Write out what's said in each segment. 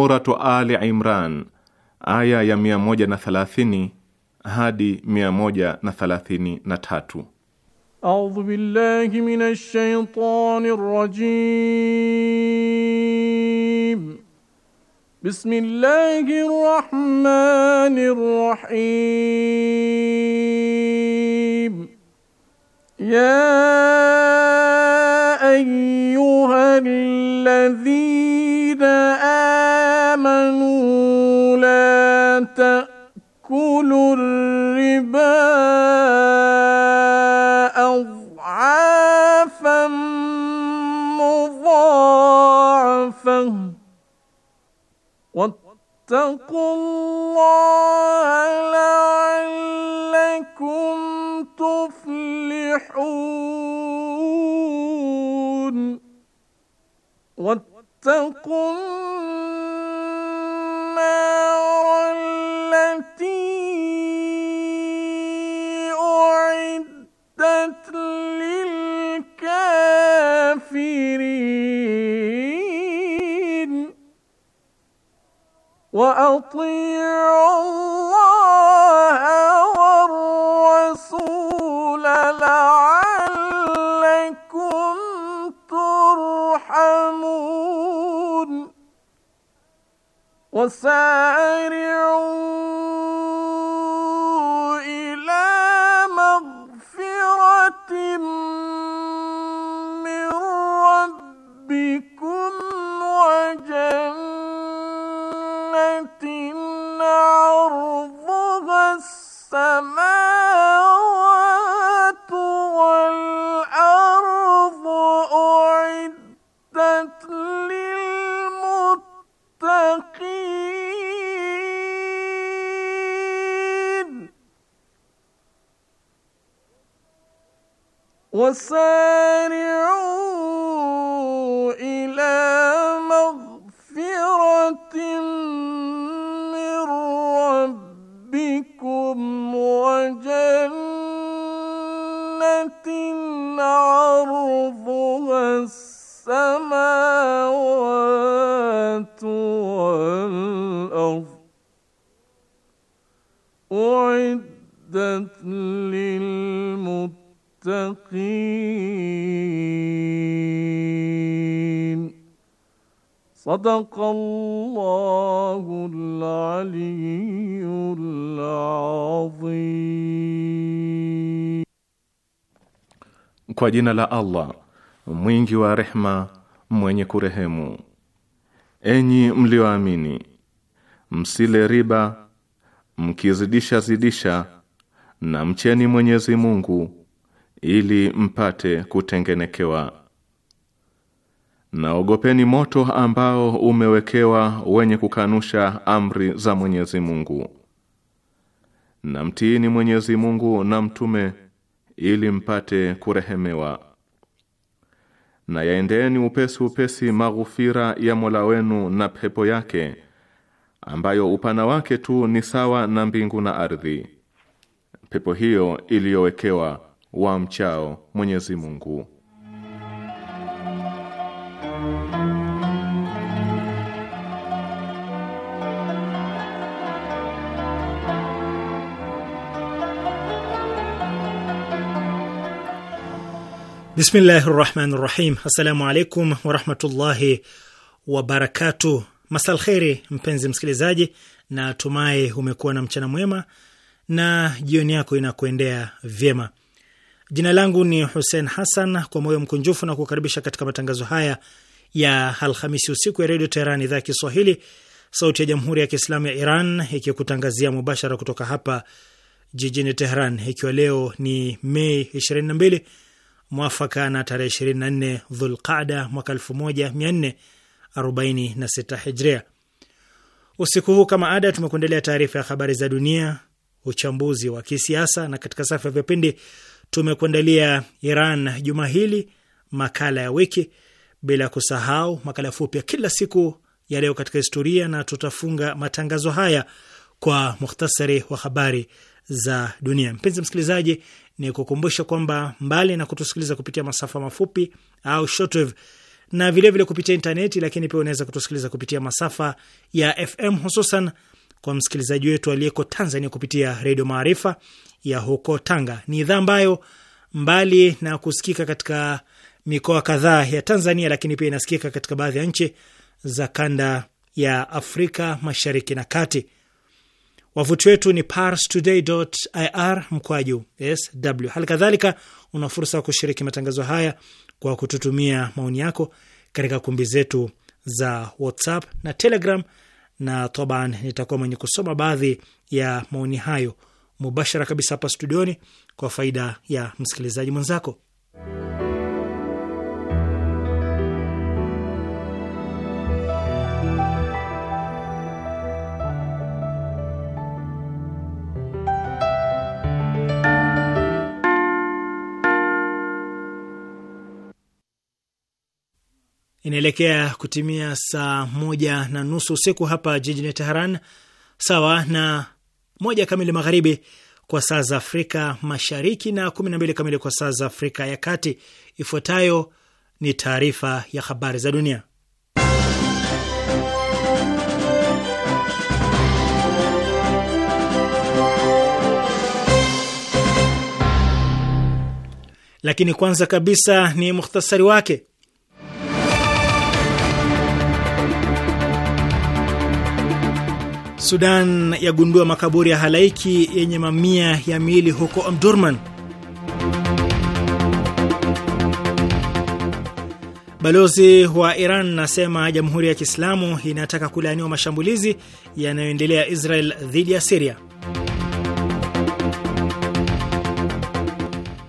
Suratu Ali Imran aya ya 130 hadi 133. A'udhu billahi minash shaitani rrajim. Bismillahir rahmanir rahim. Ya ayyuhalladhina تأكلوا الربا أضعافا مضاعفة واتقوا الله لعلكم تفلحون واتقوا وأطيعوا الله والرسول لعلكم ترحمون وسارعوا وسارعوا إلى مغفرة من ربكم وجنة عرضها السماوات والأرض أعدت لله المتقين صدق الله العلي العظيم Kwa jina la Allah mwingi wa rehma mwenye kurehemu Enyi mlioamini msile riba mkizidisha zidisha na mcheni Mwenyezi Mungu ili mpate kutengenekewa. Naogopeni moto ambao umewekewa wenye kukanusha amri za Mwenyezi Mungu. Na mtiini Mwenyezi Mungu na mtume ili mpate kurehemewa. Na yaendeeni upesi upesi maghufira ya Mola wenu na pepo yake ambayo upana wake tu ni sawa na mbingu na ardhi. Pepo hiyo iliyowekewa wa mchao Mwenyezi Mungu. Bismillahi rahmani rahim. Assalamu alaikum warahmatullahi wabarakatu. Masal kheri, mpenzi msikilizaji, na tumai umekuwa na mchana mwema na jioni yako inakuendea vyema. Jina langu ni Hussein Hassan, kwa moyo mkunjufu na kukaribisha katika matangazo haya ya Alhamisi usiku ya Redio Teheran, idhaa ya Kiswahili, sauti ya Jamhuri ya Kiislamu ya Iran, ikikutangazia mubashara kutoka hapa jijini Teheran, ikiwa leo ni Mei 22 mwafaka na tarehe 24 Dhulqada mwaka 1446 Hijria. Usiku huu kama ada, tumekuendelea taarifa ya habari za dunia, uchambuzi wa kisiasa, na katika safu ya vipindi tumekuandalia Iran juma hili, makala ya wiki, bila kusahau makala fupi ya kila siku ya leo katika historia, na tutafunga matangazo haya kwa muhtasari wa habari za dunia. Mpenzi msikilizaji, ni kukumbusha kwamba mbali na kutusikiliza kupitia masafa mafupi au shortwave na vilevile vile kupitia intaneti, lakini pia unaweza kutusikiliza kupitia masafa ya FM hususan kwa msikilizaji wetu aliyeko Tanzania kupitia Redio Maarifa ya huko Tanga. Ni idhaa ambayo mbali na kusikika katika mikoa kadhaa ya Tanzania, lakini pia inasikika katika baadhi ya nchi za kanda ya Afrika Mashariki na Kati. Wavuti wetu ni parstoday.ir mkwaju sw. Hali kadhalika una fursa ya kushiriki matangazo haya kwa kututumia maoni yako katika kumbi zetu za WhatsApp na Telegram, na toban nitakuwa mwenye kusoma baadhi ya maoni hayo mubashara kabisa hapa studioni kwa faida ya msikilizaji mwenzako. Inaelekea kutimia saa moja na nusu usiku hapa jijini Teheran, sawa na moja kamili magharibi kwa saa za Afrika Mashariki na 12 kamili kwa saa za Afrika ya Kati. Ifuatayo ni taarifa ya habari za dunia, lakini kwanza kabisa ni mukhtasari wake. Sudan yagundua makaburi ya halaiki yenye mamia ya miili huko Omdurman. Balozi wa Iran nasema Jamhuri ya Kiislamu inataka kulaaniwa mashambulizi yanayoendelea Israel dhidi ya Siria.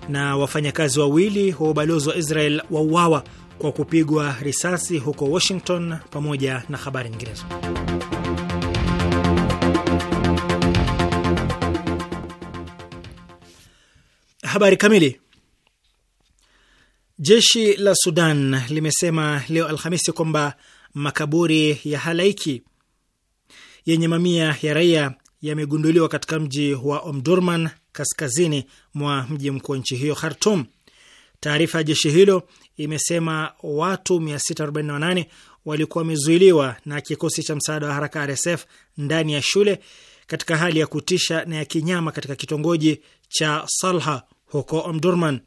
Na wafanyakazi wawili wa ubalozi wa Israel wauawa kwa kupigwa risasi huko Washington, pamoja na habari nyinginezo. Habari kamili. Jeshi la Sudan limesema leo Alhamisi kwamba makaburi ya halaiki yenye mamia ya raia yamegunduliwa katika mji wa Omdurman kaskazini mwa mji mkuu wa nchi hiyo Khartum. Taarifa ya jeshi hilo imesema watu 648 walikuwa wamezuiliwa na kikosi cha msaada wa haraka RSF ndani ya shule katika hali ya kutisha na ya kinyama katika kitongoji cha Salha huko Omdurman.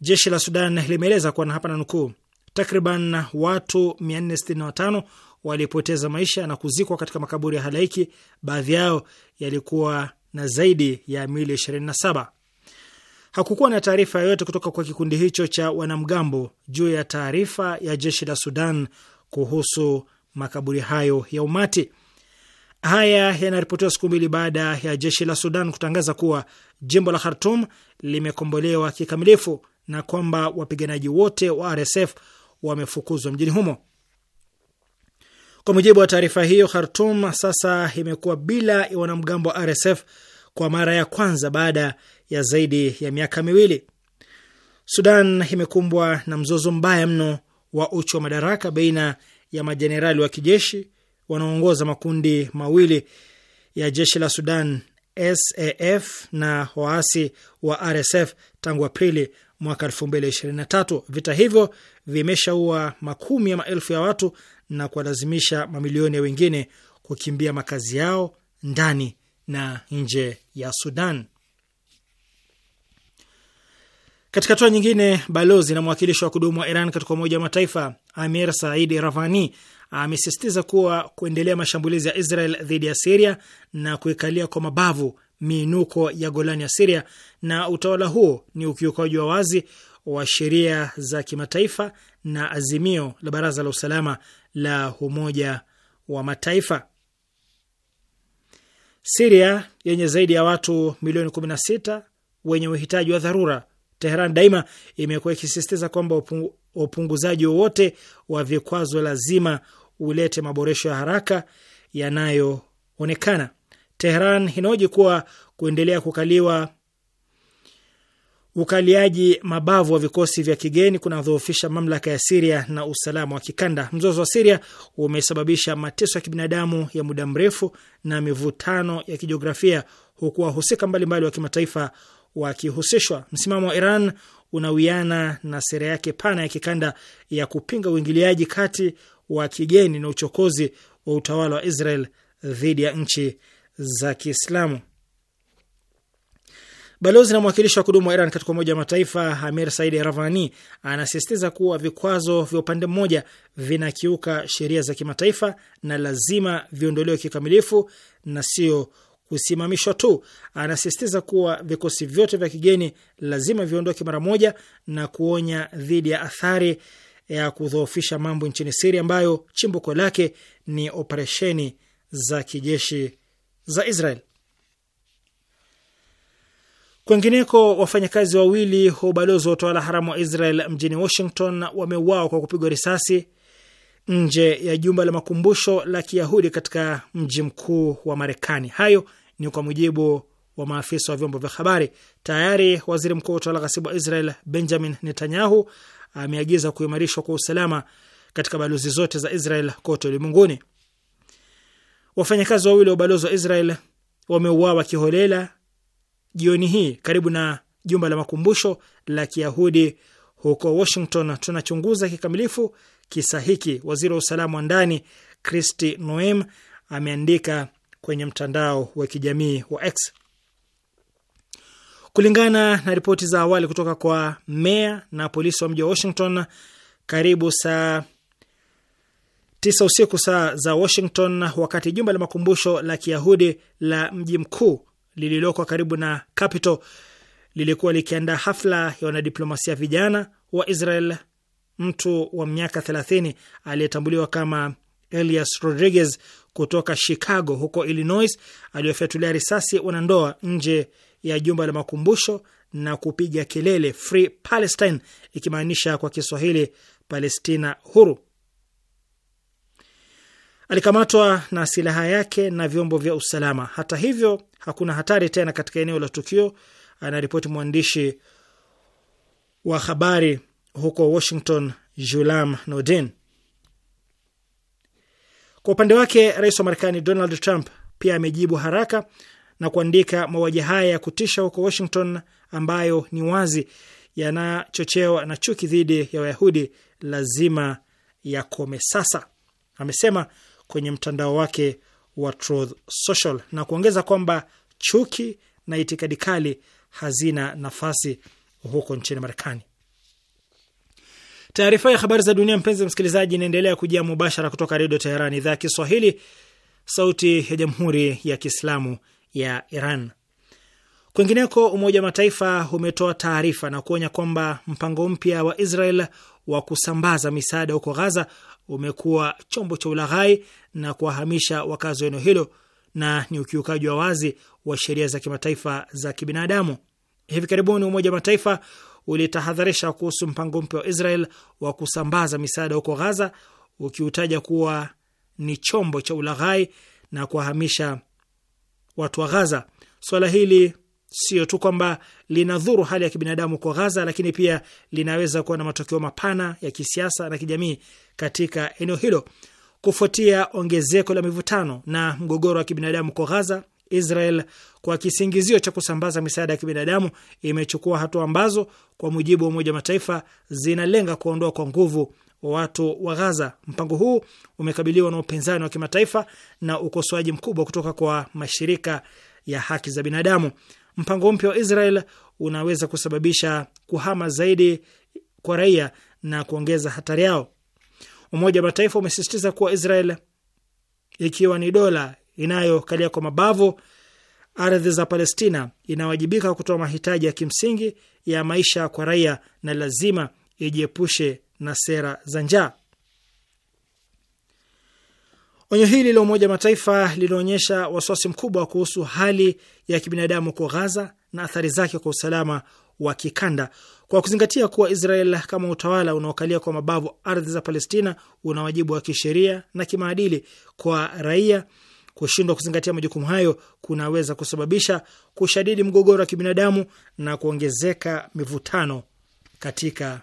Jeshi la Sudan limeeleza kuwa, na hapa na nukuu, takriban watu 465 walipoteza maisha na kuzikwa katika makaburi ya halaiki. Baadhi yao yalikuwa na zaidi ya mili 27. Hakukuwa na taarifa yoyote kutoka kwa kikundi hicho cha wanamgambo juu ya taarifa ya jeshi la Sudan kuhusu makaburi hayo ya umati. Haya yanaripotiwa siku mbili baada ya jeshi la Sudan kutangaza kuwa jimbo la Khartum limekombolewa kikamilifu na kwamba wapiganaji wote wa RSF wamefukuzwa mjini humo. Kwa mujibu wa taarifa hiyo, Khartum sasa imekuwa bila ya wanamgambo wa RSF kwa mara ya kwanza baada ya zaidi ya miaka miwili. Sudan imekumbwa na mzozo mbaya mno wa uchu wa madaraka baina ya majenerali wa kijeshi wanaoongoza makundi mawili ya jeshi la Sudan SAF na waasi wa RSF tangu Aprili mwaka 2023. Vita hivyo vimeshaua makumi ya maelfu ya watu na kuwalazimisha mamilioni ya wengine kukimbia makazi yao ndani na nje ya Sudan. Katika hatua nyingine, balozi na mwakilishi wa kudumu wa Iran katika Umoja wa Mataifa Amir Said Ravani amesisitiza kuwa kuendelea mashambulizi ya Israel dhidi ya Siria na kuikalia kwa mabavu miinuko ya Golani ya Siria na utawala huo ni ukiukaji wa wazi wa sheria za kimataifa na azimio la Baraza la Usalama la Umoja wa Mataifa. Siria yenye zaidi ya watu milioni 16 wenye uhitaji wa dharura, Teheran daima imekuwa ikisisitiza kwamba upunguzaji wowote wa vikwazo lazima ulete maboresho ya haraka yanayoonekana. Tehran inaoji kuwa kuendelea kukaliwa ukaliaji mabavu wa vikosi vya kigeni kunadhoofisha mamlaka ya Siria na usalama wa kikanda. Mzozo wa Siria umesababisha mateso ya kibinadamu ya muda mrefu na mivutano ya kijiografia, huku wahusika mbalimbali wa kimataifa wakihusishwa. Msimamo wa Iran unawiana na sera yake pana ya kikanda ya kupinga uingiliaji kati wa kigeni na uchokozi wa utawala wa Israel dhidi ya nchi za Kiislamu. Balozi na mwakilishi wa kudumu wa Iran katika Umoja wa Mataifa Amir said Ravani anasisitiza kuwa vikwazo vya upande mmoja vinakiuka sheria za kimataifa na lazima viondolewe kikamilifu na sio kusimamishwa tu. Anasisitiza kuwa vikosi vyote vya kigeni lazima viondoke mara moja na kuonya dhidi ya athari ya kudhoofisha mambo nchini Siria ambayo chimbuko lake ni operesheni za kijeshi za Israel. Kwengineko, wafanyakazi wawili wa ubalozi wa utawala haramu wa Israel mjini Washington wameuawa kwa kupigwa risasi nje ya jumba la makumbusho la Kiyahudi katika mji mkuu wa Marekani. Hayo ni kwa mujibu wa maafisa wa vyombo vya habari. Tayari waziri mkuu wa utawala ghasibu wa Israel Benjamin Netanyahu ameagiza kuimarishwa kwa usalama katika balozi zote za Israel kote ulimwenguni. Wafanyakazi wawili wa ubalozi wa Israel wameuawa kiholela jioni hii karibu na jumba la makumbusho la Kiyahudi huko Washington. Tunachunguza kikamilifu kisa hiki, waziri wa usalama wa ndani Kristi Noem ameandika kwenye mtandao wa kijamii wa X. Kulingana na ripoti za awali kutoka kwa meya na polisi wa mji wa Washington, karibu saa tisa usiku saa za Washington, wakati jumba la makumbusho la Kiyahudi la mji mkuu lililoko karibu na Capitol lilikuwa likiandaa hafla ya wanadiplomasia vijana wa Israel, mtu wa miaka thelathini aliyetambuliwa kama Elias Rodriguez kutoka Chicago huko Illinois, aliyofyatulia risasi wanandoa nje ya jumba la makumbusho na kupiga kelele Free Palestine, ikimaanisha kwa Kiswahili Palestina huru. Alikamatwa na silaha yake na vyombo vya usalama. Hata hivyo, hakuna hatari tena katika eneo la tukio, anaripoti mwandishi wa habari huko Washington, Julam Nodin. Kwa upande wake, rais wa Marekani Donald Trump pia amejibu haraka na kuandika mauaji haya ya kutisha huko Washington ambayo ni wazi yanachochewa na chuki dhidi ya Wayahudi lazima yakome sasa, amesema kwenye mtandao wake wa Truth Social, na kuongeza kwamba chuki na itikadi kali hazina nafasi huko nchini Marekani. Taarifa ya habari za dunia, mpenzi msikilizaji, inaendelea kujia mubashara kutoka Redio Teherani, idhaa ya Kiswahili, sauti ya jamhuri ya kiislamu ya Iran. Kwingineko, Umoja wa Mataifa umetoa taarifa na kuonya kwamba mpango mpya wa Israel wa kusambaza misaada huko Ghaza umekuwa chombo cha ulaghai na kuwahamisha wakazi wa eneo hilo na ni ukiukaji wa wazi wa sheria za kimataifa za kibinadamu. Hivi karibuni Umoja wa Mataifa ulitahadharisha kuhusu mpango mpya wa Israel wa kusambaza misaada huko Ghaza, ukiutaja kuwa ni chombo cha ulaghai na kuwahamisha watu wa Ghaza. Swala hili sio tu kwamba linadhuru hali ya kibinadamu kwa Ghaza, lakini pia linaweza kuwa na matokeo mapana ya kisiasa na kijamii katika eneo hilo. Kufuatia ongezeko la mivutano na mgogoro wa kibinadamu kwa Ghaza, Israel kwa kisingizio cha kusambaza misaada ya kibinadamu imechukua hatua ambazo kwa mujibu wa Umoja wa Mataifa zinalenga kuondoa kwa nguvu wa watu wa Gaza. Mpango huu umekabiliwa na upinzani wa kimataifa na ukosoaji mkubwa kutoka kwa mashirika ya haki za binadamu. Mpango mpya wa Israel unaweza kusababisha kuhama zaidi kwa raia na kuongeza hatari yao. Umoja wa Mataifa umesisitiza kuwa Israel ikiwa ni dola inayokalia kwa mabavu ardhi za Palestina inawajibika kutoa mahitaji ya kimsingi ya maisha kwa raia na lazima ijiepushe na sera za njaa. Onyo hili la Umoja Mataifa linaonyesha wasiwasi mkubwa kuhusu hali ya kibinadamu kwa Ghaza na athari zake kwa usalama wa kikanda, kwa kuzingatia kuwa Israel kama utawala unaokalia kwa mabavu ardhi za Palestina una wajibu wa kisheria na kimaadili kwa raia. Kushindwa kuzingatia majukumu hayo kunaweza kusababisha kushadidi mgogoro wa kibinadamu na kuongezeka mivutano katika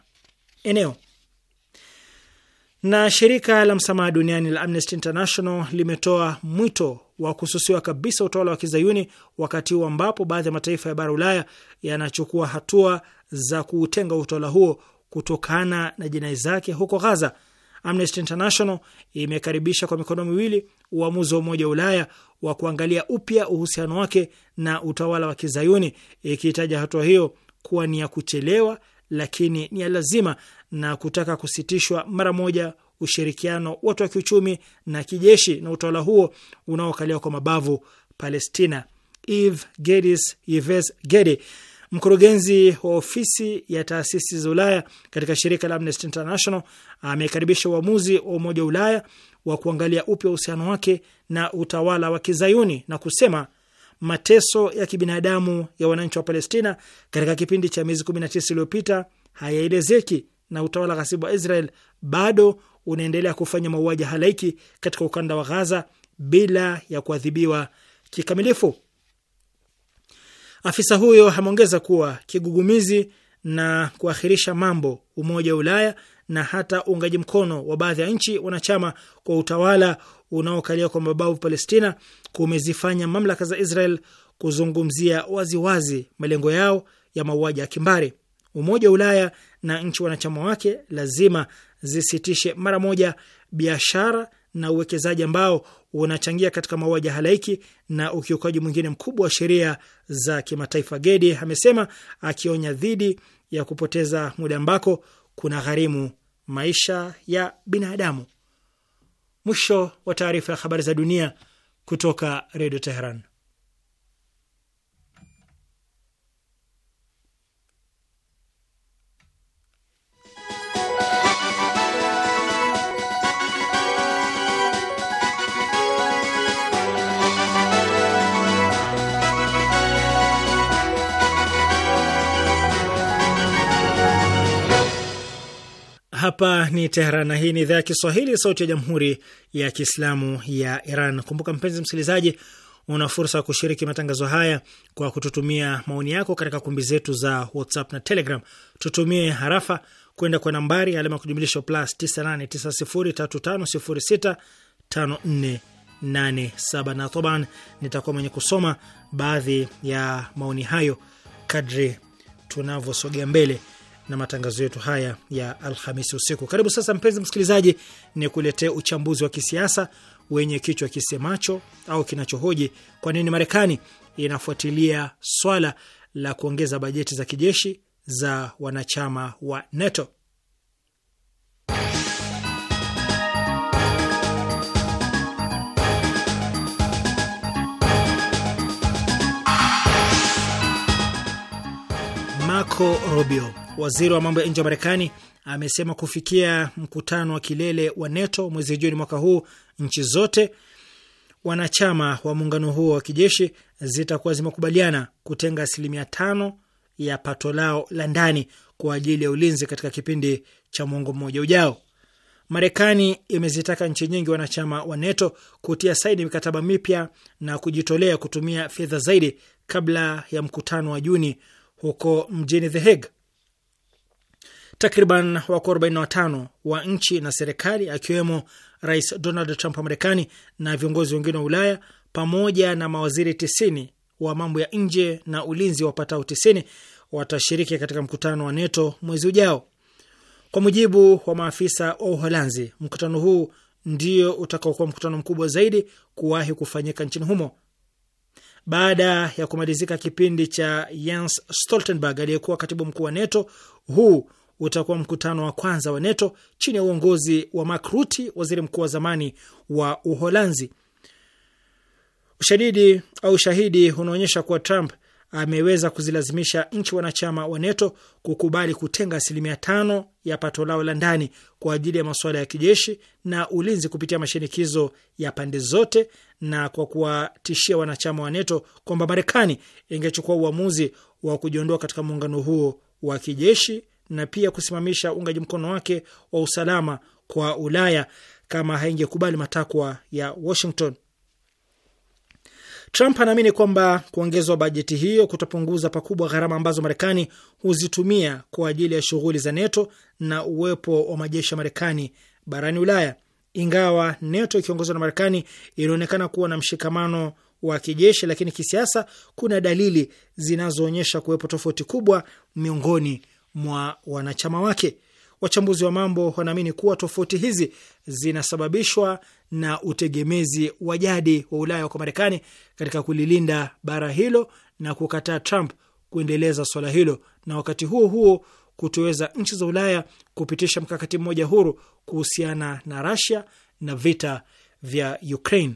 eneo. Na shirika la msamaha duniani la Amnesty International limetoa mwito wa kususiwa kabisa utawala wa kizayuni wakati huu ambapo baadhi ya mataifa ya bara Ulaya yanachukua hatua za kuutenga utawala huo kutokana na jinai zake huko Gaza. Amnesty International imekaribisha kwa mikono miwili uamuzi wa Umoja wa Ulaya wa kuangalia upya uhusiano wake na utawala wa kizayuni, ikitaja hatua hiyo kuwa ni ya kuchelewa lakini ni ya lazima, na kutaka kusitishwa mara moja ushirikiano wote wa kiuchumi na kijeshi na utawala huo unaokalia kwa mabavu Palestina. eve gedis Yves Geddes mkurugenzi wa ofisi ya taasisi za Ulaya katika shirika la Amnesty International amekaribisha uamuzi wa Umoja wa Ulaya wa kuangalia upya uhusiano wake na utawala wa kizayuni na kusema mateso ya kibinadamu ya wananchi wa Palestina katika kipindi cha miezi 19 iliyopita hayaelezeki na utawala ghasibu wa Israel bado unaendelea kufanya mauaji halaiki katika ukanda wa Ghaza bila ya kuadhibiwa kikamilifu. Afisa huyo ameongeza kuwa kigugumizi na kuahirisha mambo Umoja wa Ulaya na hata uungaji mkono wa baadhi ya nchi wanachama kwa utawala unaokalia kwa mabavu Palestina kumezifanya mamlaka za Israel kuzungumzia waziwazi malengo yao ya mauaji ya kimbari. Umoja wa Ulaya na nchi wanachama wake lazima zisitishe mara moja biashara na uwekezaji ambao unachangia katika mauaji ya halaiki na ukiukaji mwingine mkubwa wa sheria za kimataifa, Gedi amesema, akionya dhidi ya kupoteza muda ambako kuna gharimu maisha ya binadamu. Mwisho wa taarifa ya habari za dunia kutoka Redio Teheran. Hapa ni Teheran na hii ni idhaa ya Kiswahili, sauti ya jamhuri ya kiislamu ya Iran. Kumbuka mpenzi msikilizaji, una fursa ya kushiriki matangazo haya kwa kututumia maoni yako katika kumbi zetu za WhatsApp na Telegram. Tutumie harafa kwenda kwa nambari alama kujumlisha plus 989035065487 na toban, nitakuwa mwenye kusoma baadhi ya maoni hayo kadri tunavyosogea mbele na matangazo yetu haya ya Alhamisi usiku. Karibu sasa, mpenzi msikilizaji, ni kuletea uchambuzi wa kisiasa wenye kichwa kisemacho au kinachohoji kwa nini Marekani inafuatilia swala la kuongeza bajeti za kijeshi za wanachama wa NATO. Marco Rubio Waziri wa mambo ya nje wa Marekani amesema kufikia mkutano wa kilele wa NATO mwezi Juni mwaka huu, nchi zote wanachama wa muungano huo wa kijeshi zitakuwa zimekubaliana kutenga asilimia tano ya pato lao la ndani kwa ajili ya ulinzi katika kipindi cha mwongo mmoja ujao. Marekani imezitaka nchi nyingi wanachama wa NATO kutia saini mikataba mipya na kujitolea kutumia fedha zaidi kabla ya mkutano wa Juni huko mjini The Hague takriban wako 45 wa nchi na serikali, akiwemo Rais Donald Trump wa Marekani na viongozi wengine wa Ulaya pamoja na mawaziri tisini wa mambo ya nje na ulinzi wapatao tisini watashiriki katika mkutano wa NATO mwezi ujao. Kwa mujibu wa maafisa wa Uholanzi, mkutano huu ndio utakaokuwa mkutano mkubwa zaidi kuwahi kufanyika nchini humo baada ya kumalizika kipindi cha Jens Stoltenberg aliyekuwa katibu mkuu wa NATO. Huu utakuwa mkutano wa kwanza wa NATO chini ya uongozi wa Mark Rutte, waziri mkuu wa zamani wa Uholanzi. Ushahidi au shahidi unaonyesha kuwa Trump ameweza kuzilazimisha nchi wanachama wa NATO kukubali kutenga asilimia tano ya pato lao la ndani kwa ajili ya masuala ya kijeshi na ulinzi kupitia mashinikizo ya pande zote na kwa kuwatishia wanachama wa NATO kwamba Marekani ingechukua uamuzi wa kujiondoa katika muungano huo wa kijeshi na pia kusimamisha uungaji mkono wake wa usalama kwa Ulaya kama haingekubali matakwa ya Washington. Trump anaamini kwamba kuongezwa bajeti hiyo kutapunguza pakubwa gharama ambazo Marekani huzitumia kwa ajili ya shughuli za NATO na uwepo wa majeshi ya Marekani barani Ulaya. Ingawa NATO ikiongozwa na Marekani inaonekana kuwa na mshikamano wa kijeshi, lakini kisiasa kuna dalili zinazoonyesha kuwepo tofauti kubwa miongoni mwa wanachama wake. Wachambuzi wa mambo wanaamini kuwa tofauti hizi zinasababishwa na utegemezi wa jadi wa Ulaya kwa Marekani katika kulilinda bara hilo na kukataa Trump kuendeleza swala hilo, na wakati huo huo kutoweza nchi za Ulaya kupitisha mkakati mmoja huru kuhusiana na Russia na vita vya Ukraine.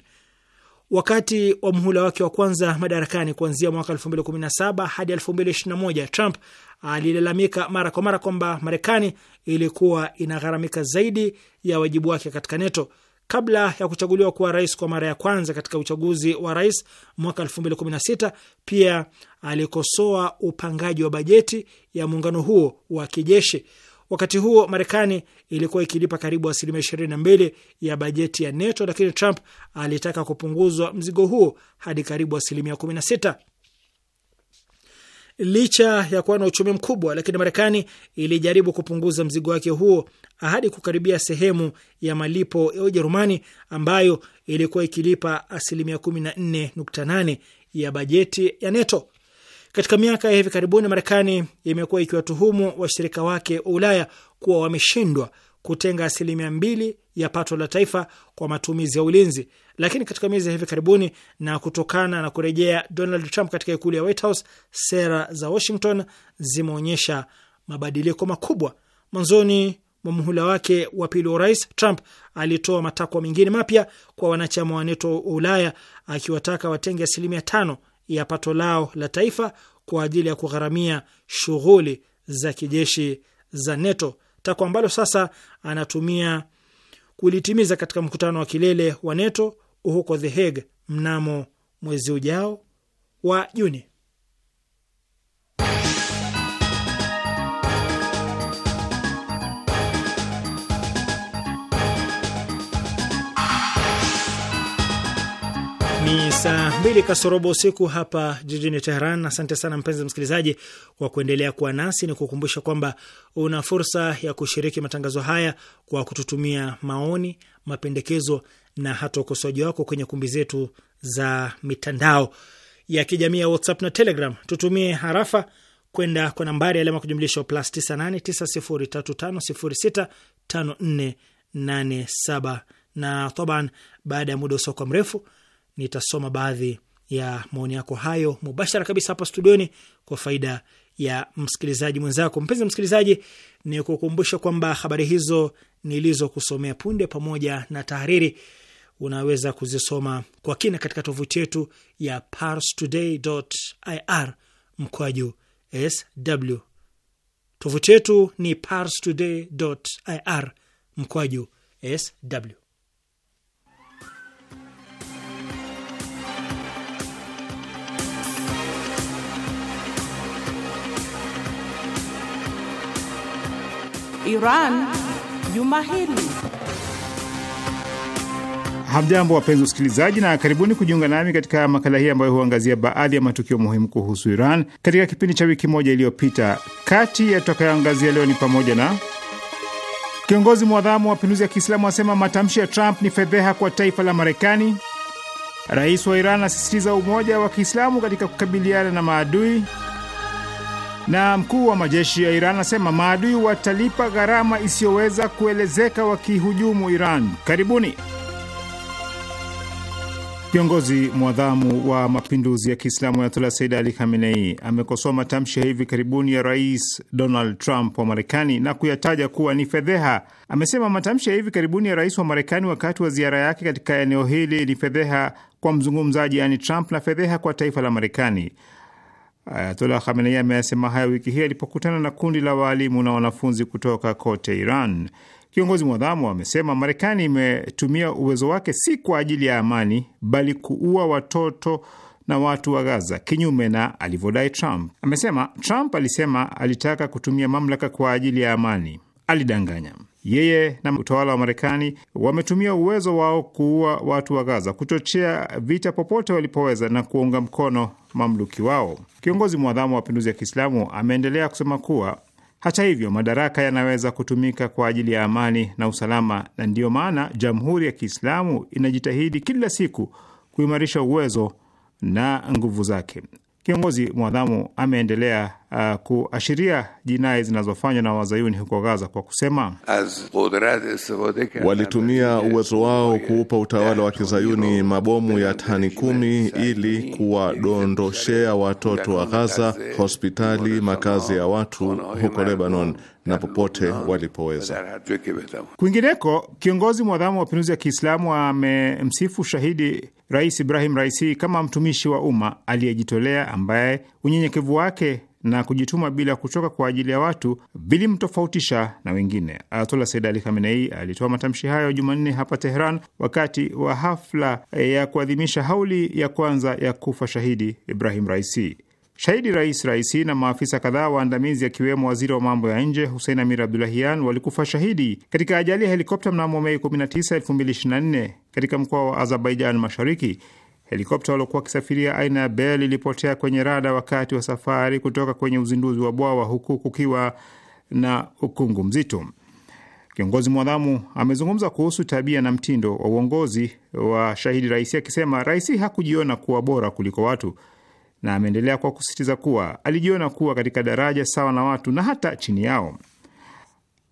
Wakati wa mhula wake wa kwanza madarakani kuanzia mwaka 2017 hadi 2021, Trump alilalamika mara kwa mara kwamba Marekani ilikuwa inagharamika zaidi ya wajibu wake katika NATO. Kabla ya kuchaguliwa kuwa rais kwa mara ya kwanza katika uchaguzi wa rais mwaka 2016, pia alikosoa upangaji wa bajeti ya muungano huo wa kijeshi. Wakati huo Marekani ilikuwa ikilipa karibu asilimia ishirini na mbili ya bajeti ya NATO, lakini Trump alitaka kupunguzwa mzigo huo hadi karibu asilimia kumi na sita. Licha ya kuwa na uchumi mkubwa, lakini Marekani ilijaribu kupunguza mzigo wake huo hadi kukaribia sehemu ya malipo ya Ujerumani ambayo ilikuwa ikilipa asilimia kumi na nne nukta nane ya bajeti ya NATO. Katika miaka ya hivi karibuni, Marekani imekuwa ikiwatuhumu washirika wake wa Ulaya kuwa wameshindwa kutenga asilimia mbili ya pato la taifa kwa matumizi ya ulinzi. Lakini katika miezi ya hivi karibuni na kutokana na kurejea Donald Trump katika ikulu ya White House, sera za Washington zimeonyesha mabadiliko makubwa. Mwanzoni mwa muhula wake wa pili wa urais, Trump alitoa matakwa mengine mapya kwa wanachama wa NATO wa Ulaya, akiwataka watenge asilimia tano ya pato lao la taifa kwa ajili ya kugharamia shughuli za kijeshi za NATO, takwa ambalo sasa anatumia kulitimiza katika mkutano wa kilele wa NATO huko The Hague mnamo mwezi ujao wa Juni. Ni saa mbili kasorobo usiku hapa jijini Teheran. Asante sana mpenzi msikilizaji kwa kuendelea kuwa nasi. Ni kukumbusha kwamba una fursa ya kushiriki matangazo haya kwa kututumia maoni, mapendekezo na hata ukosoaji wako kwenye kumbi zetu za mitandao ya kijamii ya WhatsApp na Telegram. Tutumie harafa kwenda kwa nambari alama kujumlisha plus 989035065487 na toban, baada ya muda usiokuwa mrefu nitasoma baadhi ya maoni yako hayo mubashara kabisa hapa studioni kwa faida ya msikilizaji mwenzako. Mpenzi msikilizaji, ni kukumbusha kwamba habari hizo nilizokusomea punde pamoja na tahariri unaweza kuzisoma kwa kina katika tovuti yetu ya parstoday.ir mkwaju sw. Tovuti yetu ni parstoday.ir mkwaju sw. Iran juma hili. Hamjambo, wapenzi usikilizaji, na karibuni kujiunga nami katika makala hii ambayo huangazia baadhi ya matukio muhimu kuhusu Iran katika kipindi cha wiki moja iliyopita. Kati ya tutakayoangazia leo ni pamoja na kiongozi mwadhamu wa mapinduzi ya Kiislamu asema matamshi ya Trump ni fedheha kwa taifa la Marekani, rais wa Iran asisitiza umoja wa Kiislamu katika kukabiliana na maadui na mkuu wa majeshi ya Iran anasema maadui watalipa gharama isiyoweza kuelezeka wakihujumu Iran. Karibuni. Kiongozi mwadhamu wa mapinduzi ya Kiislamu Ayatollah Said Ali Khamenei amekosoa matamshi ya hivi karibuni ya Rais Donald Trump wa Marekani na kuyataja kuwa ni fedheha. Amesema matamshi ya hivi karibuni ya rais wa Marekani wakati wa ziara yake katika eneo hili ni fedheha kwa mzungumzaji, yani Trump, na fedheha kwa taifa la Marekani. Ayatola Khamenei ameyasema hayo wiki hii alipokutana na kundi la waalimu na wanafunzi kutoka kote Iran. Kiongozi mwadhamu amesema Marekani imetumia uwezo wake si kwa ajili ya amani, bali kuua watoto na watu wa Gaza, kinyume na alivyodai Trump. Amesema Trump alisema alitaka kutumia mamlaka kwa ajili ya amani, alidanganya. Yeye na utawala wa Marekani wametumia uwezo wao kuua watu wa Gaza, kuchochea vita popote walipoweza na kuunga mkono mamluki wao. Kiongozi mwadhamu wa mapinduzi ya Kiislamu ameendelea kusema kuwa hata hivyo, madaraka yanaweza kutumika kwa ajili ya amani na usalama, na ndiyo maana Jamhuri ya Kiislamu inajitahidi kila siku kuimarisha uwezo na nguvu zake. Kiongozi mwadhamu ameendelea uh, kuashiria jinai zinazofanywa na wazayuni huko Gaza kwa kusema walitumia uwezo wao kuupa utawala wa kizayuni mabomu ya tani kumi ili kuwadondoshea watoto wa Gaza, hospitali, makazi ya watu huko Lebanon na popote walipoweza. Kwingineko, kiongozi mwadhamu wa mapinduzi ya Kiislamu amemsifu shahidi Rais Ibrahim Raisi kama mtumishi wa umma aliyejitolea ambaye unyenyekevu wake na kujituma bila kuchoka kwa ajili ya watu vilimtofautisha na wengine. Ayatola Said Ali Khamenei alitoa matamshi hayo Jumanne hapa Teheran wakati wa hafla e, ya kuadhimisha hauli ya kwanza ya kufa shahidi Ibrahim Raisi. Shahidi Rais Raisi na maafisa kadhaa waandamizi akiwemo waziri wa mambo ya nje Husein Amir Abdulahian walikufa shahidi katika ajali ya helikopta mnamo Mei 19, 2024 katika mkoa wa Azerbaijan Mashariki. Helikopta waliokuwa wakisafiria aina ya Bell ilipotea kwenye rada wakati wa safari kutoka kwenye uzinduzi wa bwawa, huku kukiwa na ukungu mzito. Kiongozi mwadhamu amezungumza kuhusu tabia na mtindo wa uongozi wa shahidi Raisi akisema Raisi hakujiona kuwa bora kuliko watu, na ameendelea kwa kusisitiza kuwa alijiona kuwa katika daraja sawa na watu na hata chini yao.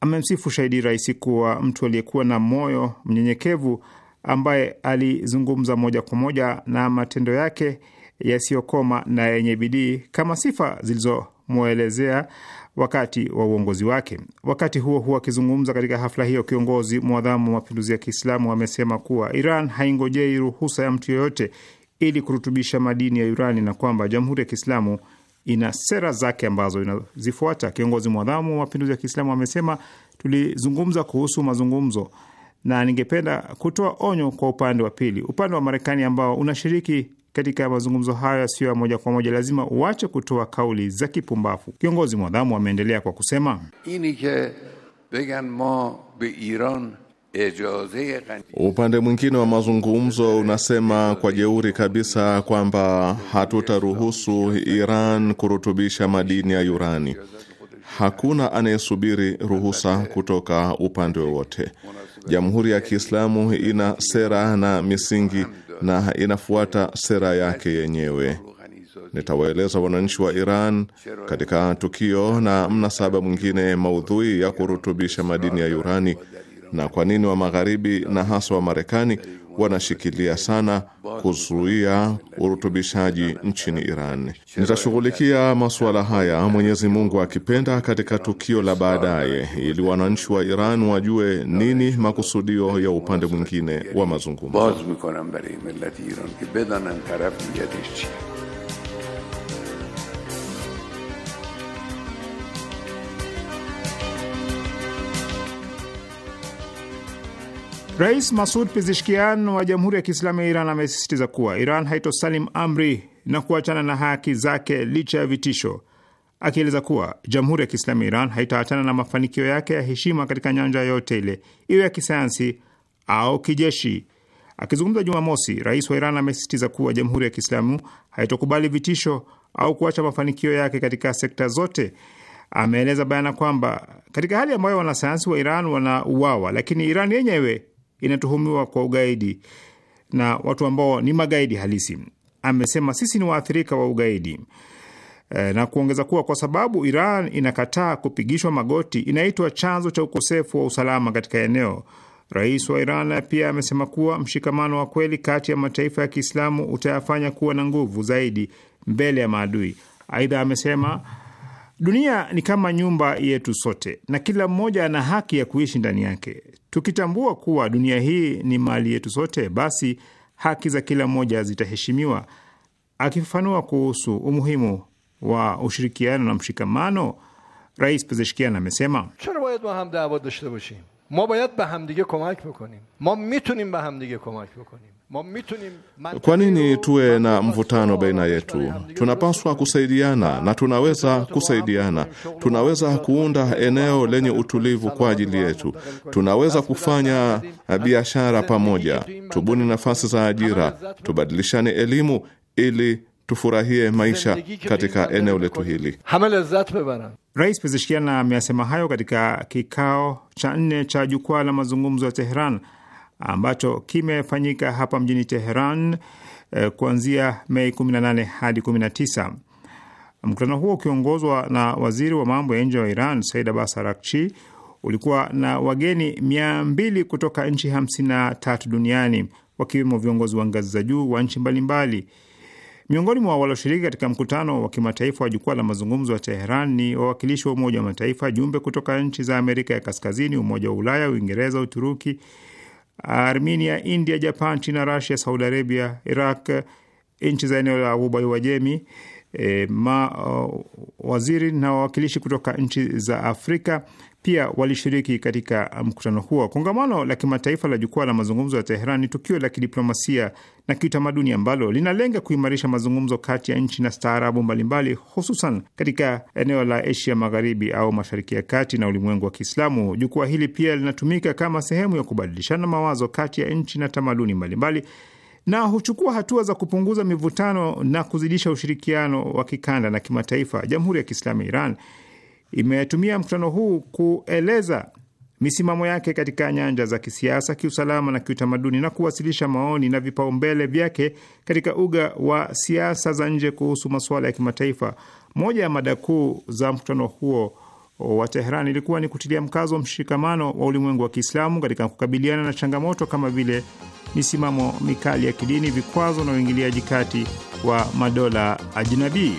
Amemsifu shahidi Raisi kuwa mtu aliyekuwa na moyo mnyenyekevu ambaye alizungumza moja kwa moja na matendo yake yasiyokoma na yenye bidii kama sifa zilizomwelezea wakati wa uongozi wake. Wakati huo huo, akizungumza katika hafla hiyo, kiongozi mwadhamu wa mapinduzi ya Kiislamu amesema kuwa Iran haingojei ruhusa ya mtu yoyote ili kurutubisha madini ya urani na kwamba Jamhuri ya Kiislamu ina sera zake ambazo inazifuata. Kiongozi mwadhamu wa mapinduzi ya Kiislamu amesema, tulizungumza kuhusu mazungumzo na ningependa kutoa onyo kwa upande wa pili, upande wa Marekani ambao unashiriki katika mazungumzo hayo yasiyo ya moja kwa moja, lazima uache kutoa kauli za kipumbafu. Kiongozi mwadhamu ameendelea kwa kusema began ma be Iran e Upande mwingine wa mazungumzo unasema kwa jeuri kabisa kwamba hatutaruhusu Iran kurutubisha madini ya urani. Hakuna anayesubiri ruhusa kutoka upande wowote. Jamhuri ya Kiislamu ina sera na misingi na inafuata sera yake yenyewe. Nitawaeleza wananchi wa Iran katika tukio na mnasaba mwingine maudhui ya kurutubisha madini ya urani na kwa nini wa Magharibi na hasa wa Marekani wanashikilia sana kuzuia urutubishaji nchini Iran. Nitashughulikia masuala haya Mwenyezi Mungu akipenda katika tukio la baadaye, ili wananchi wa Iran wajue nini makusudio ya upande mwingine wa mazungumzo. Rais Masud Pizishkian wa Jamhuri ya Kiislamu ya Iran amesisitiza kuwa Iran haitosalim amri na kuachana na haki zake licha ya vitisho, akieleza kuwa Jamhuri ya Kiislamu ya Iran haitaachana na mafanikio yake ya heshima katika nyanja yote ile, iwe ya kisayansi au kijeshi. Akizungumza Jumamosi, rais wa Iran amesisitiza kuwa Jamhuri ya Kiislamu haitokubali vitisho au kuacha mafanikio yake katika sekta zote. Ameeleza bayana kwamba katika hali ambayo wanasayansi wa Iran wanauawa, lakini Iran yenyewe inatuhumiwa kwa ugaidi na watu ambao ni magaidi halisi. Amesema sisi ni waathirika wa ugaidi e, na kuongeza kuwa kwa sababu Iran inakataa kupigishwa magoti inaitwa chanzo cha ukosefu wa usalama katika eneo. Rais wa Iran pia amesema kuwa mshikamano wa kweli kati ya mataifa ya Kiislamu utayafanya kuwa na nguvu zaidi mbele ya maadui. Aidha amesema Dunia ni kama nyumba yetu sote na kila mmoja ana haki ya kuishi ndani yake. Tukitambua kuwa dunia hii ni mali yetu sote, basi haki za kila mmoja zitaheshimiwa. Akifafanua kuhusu umuhimu wa ushirikiano na mshikamano, Rais Pezeshkian amesema ma bayad ba hamdige komak bikonim ma mitunim ba hamdige komak bikonim kwa nini tuwe na mvutano baina yetu? Tunapaswa kusaidiana na tunaweza kusaidiana. Tunaweza kuunda eneo lenye utulivu kwa ajili yetu. Tunaweza kufanya biashara pamoja, tubuni nafasi za ajira, tubadilishane elimu ili tufurahie maisha katika eneo letu hili. Rais Pezeshkian ameyasema hayo katika kikao cha nne cha jukwaa la mazungumzo ya Teheran ambacho kimefanyika hapa mjini Teheran eh, kuanzia Mei 18 hadi 19. Mkutano huo ukiongozwa na waziri wa mambo ya nje wa Iran Said Abbas Arakchi ulikuwa na wageni 200 kutoka nchi 53 duniani wakiwemo viongozi wa ngazi za juu wa nchi mbalimbali. Miongoni mwa walioshiriki katika mkutano wa kimataifa wa jukwaa la mazungumzo ya Teheran ni wawakilishi wa Umoja wa Mataifa, jumbe kutoka nchi za Amerika ya Kaskazini, Umoja wa Ulaya, Uingereza, Uturuki, Armenia, India, Japan, China, Rusia, Saudi Arabia, Iraq, nchi za eneo la ghuba ya Uajemi, e, eh, mawaziri eh, uh, na wawakilishi kutoka nchi za Afrika pia walishiriki katika um, mkutano huo. Kongamano la kimataifa la jukwaa la mazungumzo ya Teheran ni tukio la kidiplomasia na kiutamaduni ambalo linalenga kuimarisha mazungumzo kati ya nchi na staarabu mbalimbali, hususan katika eneo la Asia Magharibi au Mashariki ya Kati na ulimwengu wa Kiislamu. Jukwaa hili pia linatumika kama sehemu ya kubadilishana mawazo kati ya nchi na tamaduni mbalimbali na huchukua hatua za kupunguza mivutano na kuzidisha ushirikiano wa kikanda na kimataifa. Jamhuri ya Kiislamu ya Iran imetumia mkutano huu kueleza misimamo yake katika nyanja za kisiasa, kiusalama na kiutamaduni na kuwasilisha maoni na vipaumbele vyake katika uga wa siasa za nje kuhusu masuala ya kimataifa. Moja ya mada kuu za mkutano huo wa Teheran ilikuwa ni kutilia mkazo mshikamano wa ulimwengu wa Kiislamu katika kukabiliana na changamoto kama vile misimamo mikali ya kidini, vikwazo na uingiliaji kati wa madola ajnabii.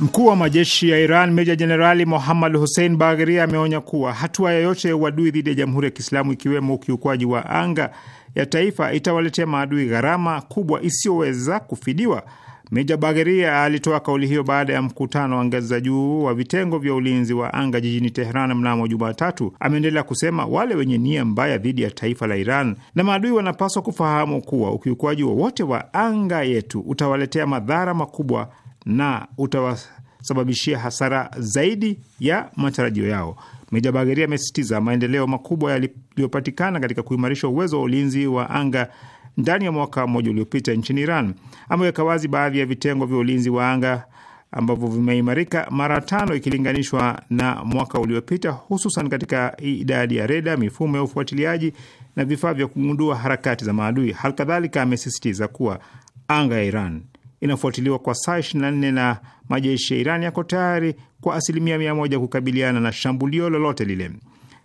Mkuu wa majeshi ya Iran meja jenerali Mohammad Hussein Bagheri ameonya kuwa hatua yoyote ya uadui dhidi ya Jamhuri ya Kiislamu, ikiwemo ukiukwaji wa anga ya taifa, itawaletea maadui gharama kubwa isiyoweza kufidiwa. Meja Bagheri alitoa kauli hiyo baada ya mkutano wa ngazi za juu wa vitengo vya ulinzi wa anga jijini Teheran mnamo Jumatatu. Ameendelea kusema wale wenye nia mbaya dhidi ya taifa la Iran na maadui wanapaswa kufahamu kuwa ukiukwaji wowote wa, wa anga yetu utawaletea madhara makubwa na utawasababishia hasara zaidi ya matarajio yao. Meja Bagaria amesisitiza maendeleo makubwa yaliyopatikana katika kuimarisha uwezo wa ulinzi wa anga ndani ya mwaka mmoja uliopita nchini Iran. Ameweka wazi baadhi ya vitengo vya ulinzi wa anga ambavyo vimeimarika mara tano ikilinganishwa na mwaka uliopita, hususan katika idadi ya reda, mifumo ya ufuatiliaji na vifaa vya kugundua harakati za maadui. Halikadhalika, amesisitiza kuwa anga ya Iran inafuatiliwa kwa saa 24 na majeshi ya Iran yako tayari kwa asilimia mia moja kukabiliana na shambulio lolote lile.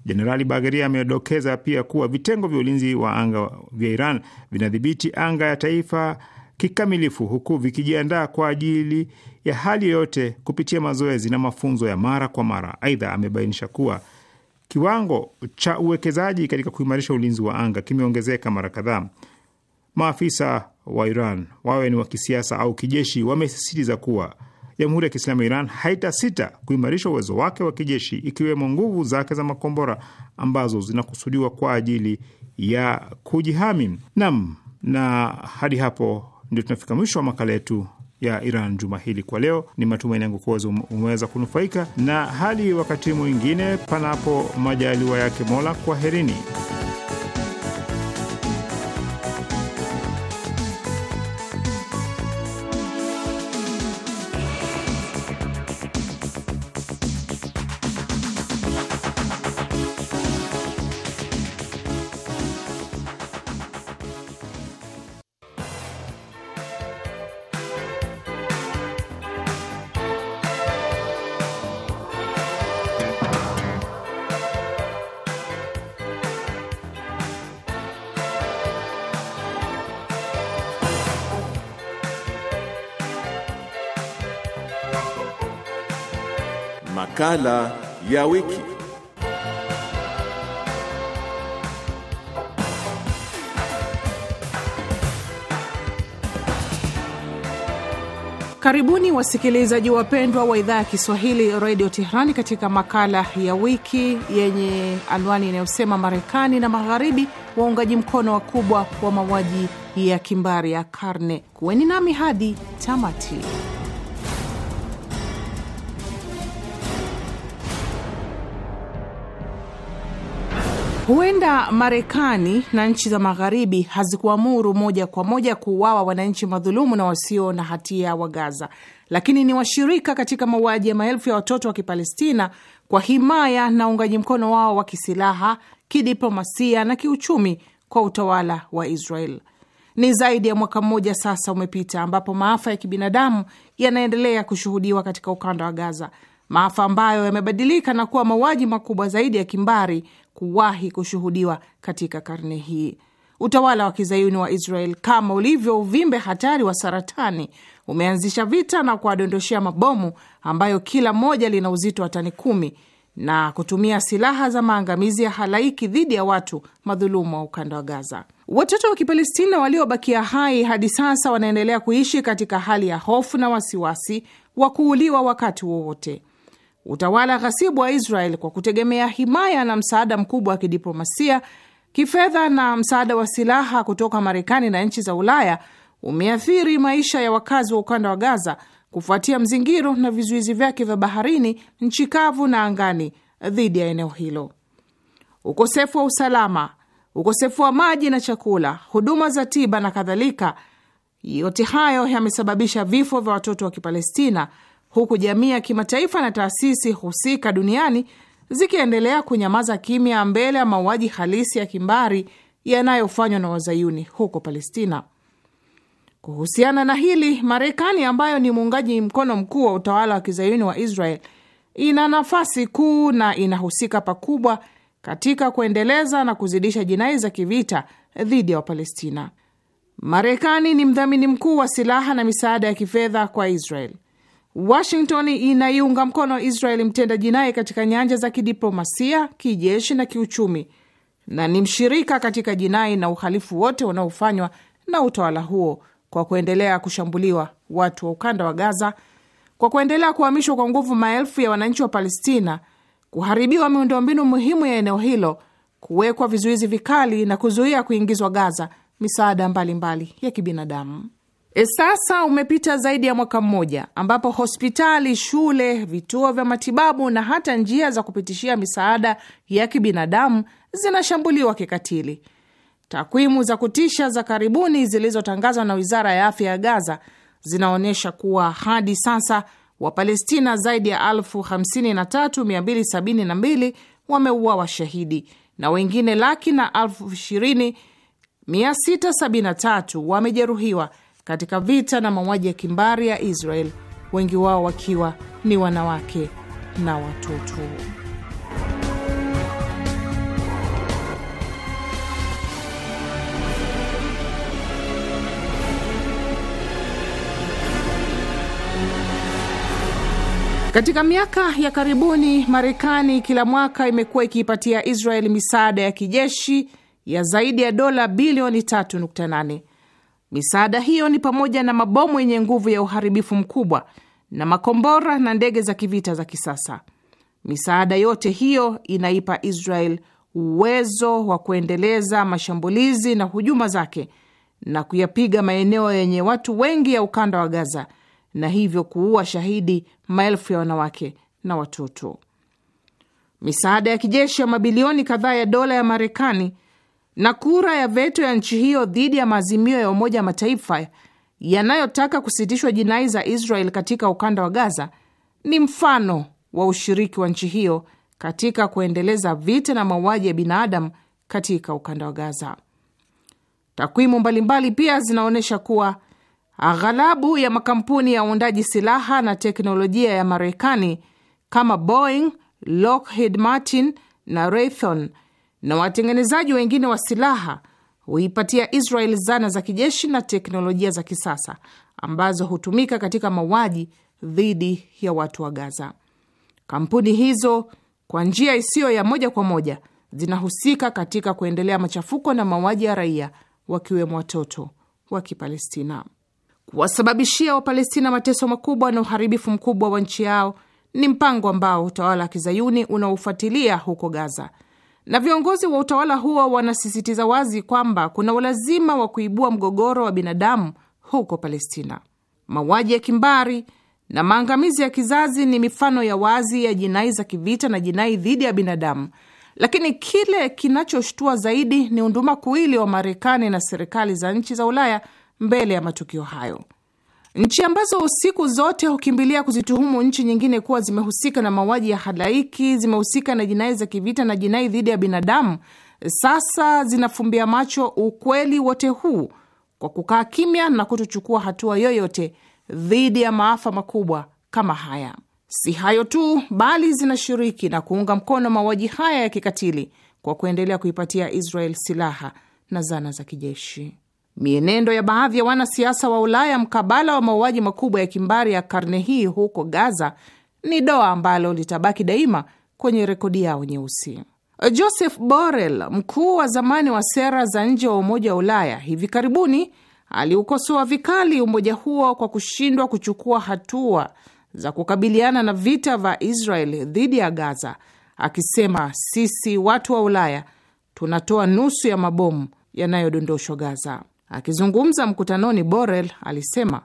Jenerali Bagheri amedokeza pia kuwa vitengo vya ulinzi wa anga vya Iran vinadhibiti anga ya taifa kikamilifu huku vikijiandaa kwa ajili ya hali yoyote kupitia mazoezi na mafunzo ya mara kwa mara. Aidha, amebainisha kuwa kiwango cha uwekezaji katika kuimarisha ulinzi wa anga kimeongezeka mara kadhaa. Maafisa wa Iran wawe ni wa kisiasa au kijeshi, wamesisitiza kuwa Jamhuri ya Kiislamu ya Iran haitasita kuimarisha uwezo wake wa kijeshi, ikiwemo nguvu zake za makombora ambazo zinakusudiwa kwa ajili ya kujihami. Nam, na hadi hapo ndio tunafika mwisho wa makala yetu ya Iran juma hili kwa leo. Ni matumaini yangu kuwa umeweza kunufaika, na hadi wakati mwingine, panapo majaliwa yake Mola, kwaherini. makala ya wiki. Karibuni wasikilizaji wapendwa wa idhaa ya Kiswahili redio Teherani katika makala ya wiki yenye anwani inayosema Marekani na magharibi waungaji mkono wakubwa wa mauaji ya kimbari ya karne. Kuweni nami hadi tamati. Huenda Marekani na nchi za Magharibi hazikuamuru moja kwa moja kuuawa wananchi madhulumu na wasio na hatia wa Gaza, lakini ni washirika katika mauaji ya maelfu ya watoto wa Kipalestina kwa himaya na uungaji mkono wao wa kisilaha, kidiplomasia na kiuchumi kwa utawala wa Israel. Ni zaidi ya mwaka mmoja sasa umepita ambapo maafa ya kibinadamu yanaendelea kushuhudiwa katika ukanda wa Gaza, maafa ambayo yamebadilika na kuwa mauaji makubwa zaidi ya kimbari kuwahi kushuhudiwa katika karne hii. Utawala wa kizayuni wa Israel, kama ulivyo uvimbe hatari wa saratani, umeanzisha vita na kuwadondoshea mabomu ambayo kila moja lina uzito wa tani kumi na kutumia silaha za maangamizi ya halaiki dhidi ya watu madhulumu wa ukanda wa Gaza. Watoto wa Kipalestina waliobakia hai hadi sasa wanaendelea kuishi katika hali ya hofu na wasiwasi wa kuuliwa wakati wowote. Utawala ghasibu wa Israel kwa kutegemea himaya na msaada mkubwa wa kidiplomasia, kifedha na msaada wa silaha kutoka Marekani na nchi za Ulaya umeathiri maisha ya wakazi wa ukanda wa Gaza kufuatia mzingiro na vizuizi vyake vya baharini, nchi kavu na angani dhidi ya eneo hilo. Ukosefu wa usalama, ukosefu wa maji na chakula, huduma za tiba na kadhalika, yote hayo yamesababisha vifo vya watoto wa Kipalestina huku jamii ya kimataifa na taasisi husika duniani zikiendelea kunyamaza kimya mbele ya mauaji halisi ya kimbari yanayofanywa na wazayuni huko Palestina. Kuhusiana na hili, Marekani ambayo ni muungaji mkono mkuu wa utawala wa kizayuni wa Israel ina nafasi kuu na inahusika pakubwa katika kuendeleza na kuzidisha jinai za kivita dhidi ya Wapalestina. Marekani ni mdhamini mkuu wa silaha na misaada ya kifedha kwa Israel. Washington inaiunga mkono Israeli mtenda jinai katika nyanja za kidiplomasia, kijeshi na kiuchumi, na ni mshirika katika jinai na uhalifu wote unaofanywa na utawala huo kwa kuendelea kushambuliwa watu wa ukanda wa Gaza, kwa kuendelea kuhamishwa kwa nguvu maelfu ya wananchi wa Palestina, kuharibiwa miundombinu muhimu ya eneo hilo, kuwekwa vizuizi vikali na kuzuia kuingizwa Gaza misaada mbalimbali mbali ya kibinadamu. E, sasa umepita zaidi ya mwaka mmoja ambapo hospitali, shule, vituo vya matibabu na hata njia za kupitishia misaada ya kibinadamu zinashambuliwa kikatili. Takwimu za kutisha za karibuni zilizotangazwa na Wizara ya Afya ya Gaza zinaonyesha kuwa hadi sasa Wapalestina zaidi ya 53272 wameuawa shahidi na wengine laki na 20673 wamejeruhiwa katika vita na mauaji ya kimbari ya Israel, wengi wao wakiwa ni wanawake na watoto. Katika miaka ya karibuni, Marekani kila mwaka imekuwa ikiipatia Israel misaada ya kijeshi ya zaidi ya dola bilioni 3.8. Misaada hiyo ni pamoja na mabomu yenye nguvu ya uharibifu mkubwa na makombora na ndege za kivita za kisasa. Misaada yote hiyo inaipa Israel uwezo wa kuendeleza mashambulizi na hujuma zake na kuyapiga maeneo yenye watu wengi ya ukanda wa Gaza na hivyo kuua shahidi maelfu ya wanawake na watoto. Misaada ya kijeshi ya mabilioni kadhaa ya dola ya Marekani na kura ya veto ya nchi hiyo dhidi ya maazimio ya Umoja wa Mataifa yanayotaka kusitishwa jinai za Israel katika ukanda wa Gaza ni mfano wa ushiriki wa nchi hiyo katika kuendeleza vita na mauaji ya binadamu katika ukanda wa Gaza. Takwimu mbalimbali pia zinaonyesha kuwa aghalabu ya makampuni ya uundaji silaha na teknolojia ya Marekani kama Boeing, Lockheed Martin na Raytheon na watengenezaji wengine wa silaha huipatia Israel zana za kijeshi na teknolojia za kisasa ambazo hutumika katika mauaji dhidi ya watu wa Gaza. Kampuni hizo kwa njia isiyo ya moja kwa moja zinahusika katika kuendelea machafuko na mauaji ya raia, wakiwemo watoto wa Kipalestina. Kuwasababishia Wapalestina mateso makubwa na uharibifu mkubwa wa nchi yao ni mpango ambao utawala wa kizayuni unaofuatilia huko Gaza na viongozi wa utawala huo wanasisitiza wazi kwamba kuna ulazima wa kuibua mgogoro wa binadamu huko Palestina. Mauaji ya kimbari na maangamizi ya kizazi ni mifano ya wazi ya jinai za kivita na jinai dhidi ya binadamu, lakini kile kinachoshtua zaidi ni unduma kuwili wa Marekani na serikali za nchi za Ulaya mbele ya matukio hayo. Nchi ambazo siku zote hukimbilia kuzituhumu nchi nyingine kuwa zimehusika na mauaji ya halaiki, zimehusika na jinai za kivita na jinai dhidi ya binadamu, sasa zinafumbia macho ukweli wote huu kwa kukaa kimya na kutochukua hatua yoyote dhidi ya maafa makubwa kama haya. Si hayo tu, bali zinashiriki na kuunga mkono mauaji haya ya kikatili kwa kuendelea kuipatia Israel silaha na zana za kijeshi. Mienendo ya baadhi ya wanasiasa wa Ulaya mkabala wa mauaji makubwa ya kimbari ya karne hii huko Gaza ni doa ambalo litabaki daima kwenye rekodi yao nyeusi. Joseph Borrell, mkuu wa zamani wa sera za nje wa Umoja wa Ulaya, hivi karibuni aliukosoa vikali umoja huo kwa kushindwa kuchukua hatua za kukabiliana na vita vya Israel dhidi ya Gaza, akisema sisi watu wa Ulaya tunatoa nusu ya mabomu yanayodondoshwa Gaza. Akizungumza mkutanoni, Borel alisema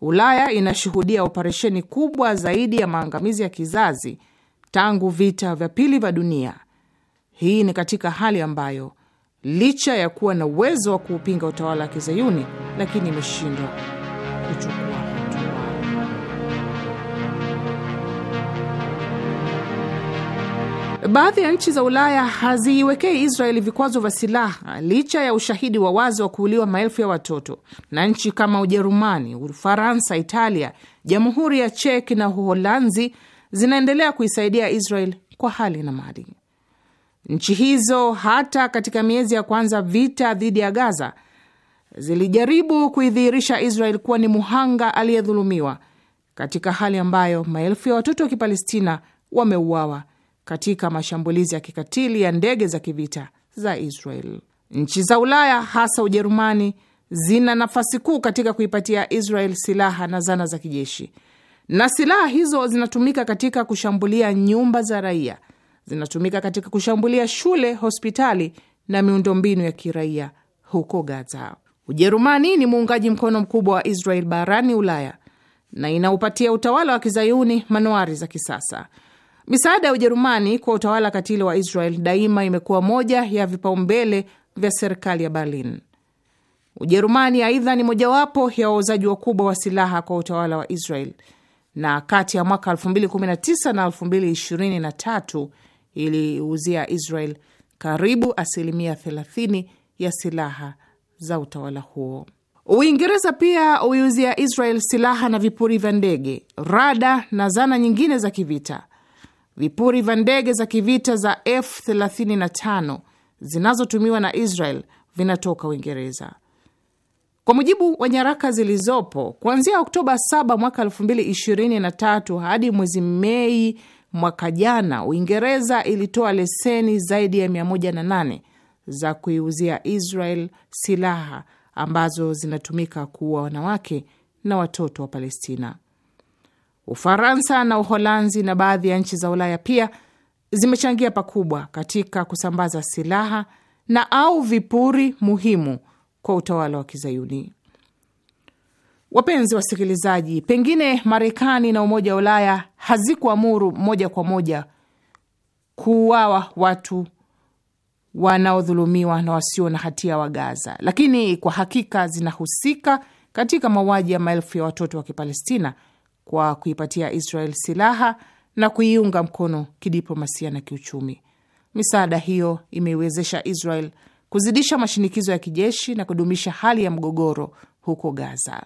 Ulaya inashuhudia operesheni kubwa zaidi ya maangamizi ya kizazi tangu vita vya pili vya dunia. Hii ni katika hali ambayo licha ya kuwa na uwezo wa kuupinga utawala wa Kizayuni, lakini imeshindwa kuchukua Baadhi ya nchi za Ulaya haziiwekei Israeli vikwazo vya silaha licha ya ushahidi wa wazi wa kuuliwa maelfu ya watoto, na nchi kama Ujerumani, Ufaransa, Italia, Jamhuri ya Cheki na Uholanzi zinaendelea kuisaidia Israel kwa hali na mali. Nchi hizo hata katika miezi ya kwanza vita dhidi ya Gaza zilijaribu kuidhihirisha Israel kuwa ni muhanga aliyedhulumiwa, katika hali ambayo maelfu ya watoto wa Kipalestina wameuawa katika mashambulizi ya kikatili ya ndege za kivita za Israel. Nchi za Ulaya hasa Ujerumani zina nafasi kuu katika kuipatia Israel silaha na zana za kijeshi, na silaha hizo zinatumika katika kushambulia nyumba za raia, zinatumika katika kushambulia shule, hospitali na miundombinu ya kiraia huko Gaza. Ujerumani ni muungaji mkono mkubwa wa Israel barani Ulaya na inaupatia utawala wa kizayuni manuari za kisasa. Misaada ya Ujerumani kwa utawala katili wa Israel daima imekuwa moja ya vipaumbele vya serikali ya Berlin. Ujerumani aidha ni mojawapo ya wauzaji wakubwa wa silaha kwa utawala wa Israel, na kati ya mwaka 2019 na 2023 iliuzia Israel karibu asilimia 30 ya silaha za utawala huo. Uingereza pia uiuzia Israel silaha na vipuri vya ndege, rada na zana nyingine za kivita Vipuri vya ndege za kivita za F35 zinazotumiwa na Israel vinatoka Uingereza. Kwa mujibu wa nyaraka zilizopo, kuanzia Oktoba 7 mwaka 2023 hadi mwezi Mei mwaka jana, Uingereza ilitoa leseni zaidi ya 108 za kuiuzia Israel silaha ambazo zinatumika kuua wanawake na watoto wa Palestina. Ufaransa na Uholanzi na baadhi ya nchi za Ulaya pia zimechangia pakubwa katika kusambaza silaha na au vipuri muhimu kwa utawala wa Kizayuni. Wapenzi wasikilizaji, pengine Marekani na Umoja wa Ulaya hazikuamuru moja kwa moja kuuawa watu wanaodhulumiwa na wasio na hatia wa Gaza, lakini kwa hakika zinahusika katika mauaji ya maelfu ya watoto wa Kipalestina kwa kuipatia Israel silaha na kuiunga mkono kidiplomasia na kiuchumi. Misaada hiyo imeiwezesha Israel kuzidisha mashinikizo ya kijeshi na kudumisha hali ya mgogoro huko Gaza.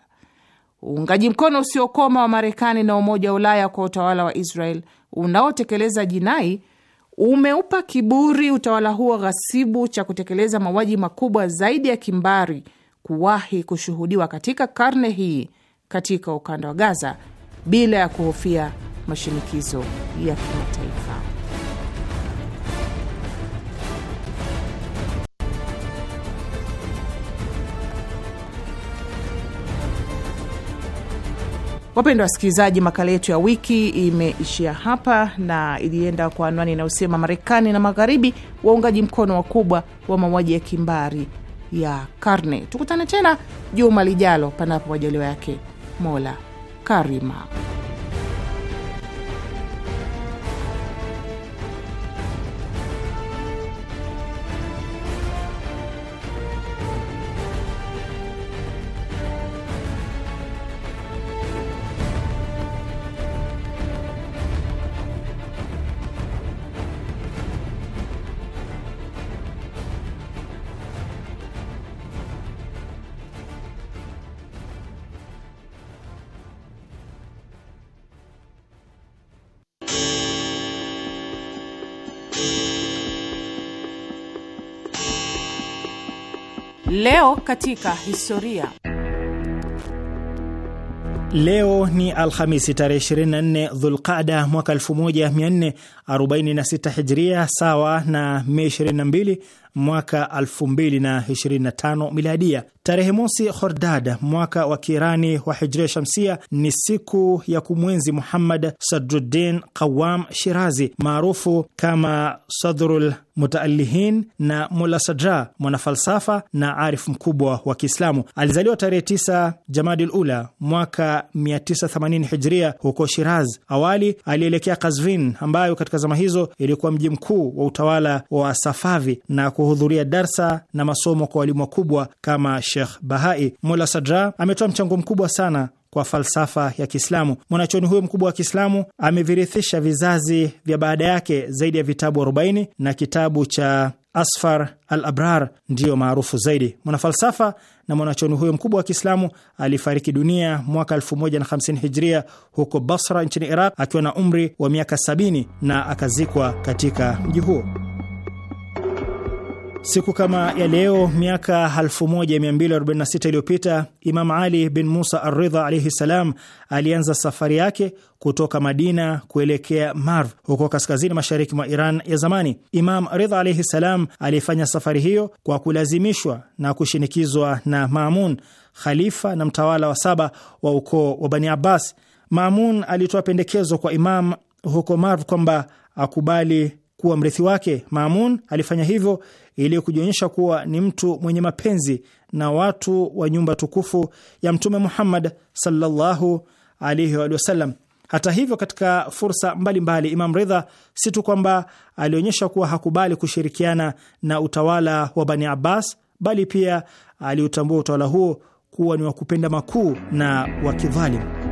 Uungaji mkono usiokoma wa Marekani na Umoja wa Ulaya kwa utawala wa Israel unaotekeleza jinai umeupa kiburi utawala huo ghasibu cha kutekeleza mauaji makubwa zaidi ya kimbari kuwahi kushuhudiwa katika karne hii katika ukanda wa Gaza bila ya kuhofia mashinikizo ya kimataifa. Wapendwa wasikilizaji, makala yetu ya wiki imeishia hapa na ilienda kwa anwani inayosema Marekani na Magharibi, waungaji mkono wakubwa wa mauaji ya kimbari ya karne. Tukutane tena juma lijalo, panapo majaliwa yake Mola Karima. Leo katika historia. Leo ni Alhamisi tarehe 24 Dhulqada mwaka 1446 Hijria, sawa na Mei 22 mwaka 2025 miladia. Tarehe mosi Khordad mwaka wa Kiirani wa Hijria Shamsia ni siku ya kumwenzi Muhammad Sadruddin Qawam Shirazi maarufu kama Sadrul Mutaalihin na Mula Sadra, mwanafalsafa na arif mkubwa wa Kiislamu. Alizaliwa tarehe 9 Jamadil Ula mwaka 980 Hijria huko Shiraz. Awali alielekea Kazvin ambayo katika zama hizo ilikuwa mji mkuu wa utawala wa Safavi na ku kuhudhuria darsa na masomo kwa walimu wakubwa kama shekh Bahai. Mola Sadra ametoa mchango mkubwa sana kwa falsafa ya Kiislamu. mwanachoni huyo mkubwa wa Kiislamu amevirithisha vizazi vya baada yake zaidi ya vitabu 40 na kitabu cha Asfar al Abrar ndiyo maarufu zaidi. Mwanafalsafa na mwanachoni huyo mkubwa wa Kiislamu alifariki dunia mwaka 1050 Hijria huko Basra nchini Iraq akiwa na umri wa miaka 70 na akazikwa katika mji huo. Siku kama ya leo miaka 1246 iliyopita Imam Ali bin Musa Arridha alaihi ssalam alianza safari yake kutoka Madina kuelekea Marv huko kaskazini mashariki mwa Iran ya zamani. Imam Ridha alaihi ssalam alifanya safari hiyo kwa kulazimishwa na kushinikizwa na Mamun, khalifa na mtawala wa saba wa ukoo wa Bani Abbas. Mamun alitoa pendekezo kwa Imam huko Marv kwamba akubali kuwa mrithi wake. Maamun alifanya hivyo ili kujionyesha kuwa ni mtu mwenye mapenzi na watu wa nyumba tukufu ya Mtume Muhammad sallallahu alaihi wa sallam. Hata hivyo, katika fursa mbalimbali, Imam Ridha si tu kwamba alionyesha kuwa hakubali kushirikiana na utawala wa Bani Abbas, bali pia aliutambua utawala huo kuwa ni wa kupenda makuu na wa kidhalimu.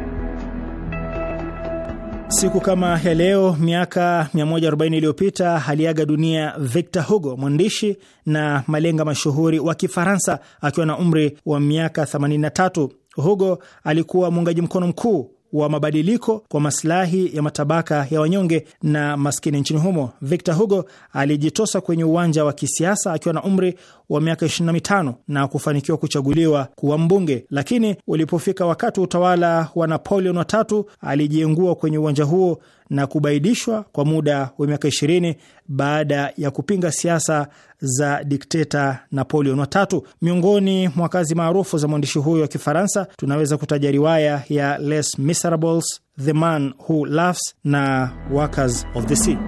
Siku kama ya leo miaka 140 iliyopita aliaga dunia Victor Hugo, mwandishi na malenga mashuhuri wa Kifaransa, akiwa na umri wa miaka 83. Hugo alikuwa muungaji mkono mkuu wa mabadiliko kwa masilahi ya matabaka ya wanyonge na maskini nchini humo. Victor Hugo alijitosa kwenye uwanja wa kisiasa akiwa na umri wa miaka 25 na kufanikiwa kuchaguliwa kuwa mbunge, lakini ulipofika wakati wa utawala wa Napoleon watatu alijiengua kwenye uwanja huo na kubaidishwa kwa muda wa miaka 20 baada ya kupinga siasa za dikteta Napoleon watatu. Miongoni mwa kazi maarufu za mwandishi huyo wa Kifaransa tunaweza kutaja riwaya ya Les Miserables, The Man Who Laughs na Workers of the Sea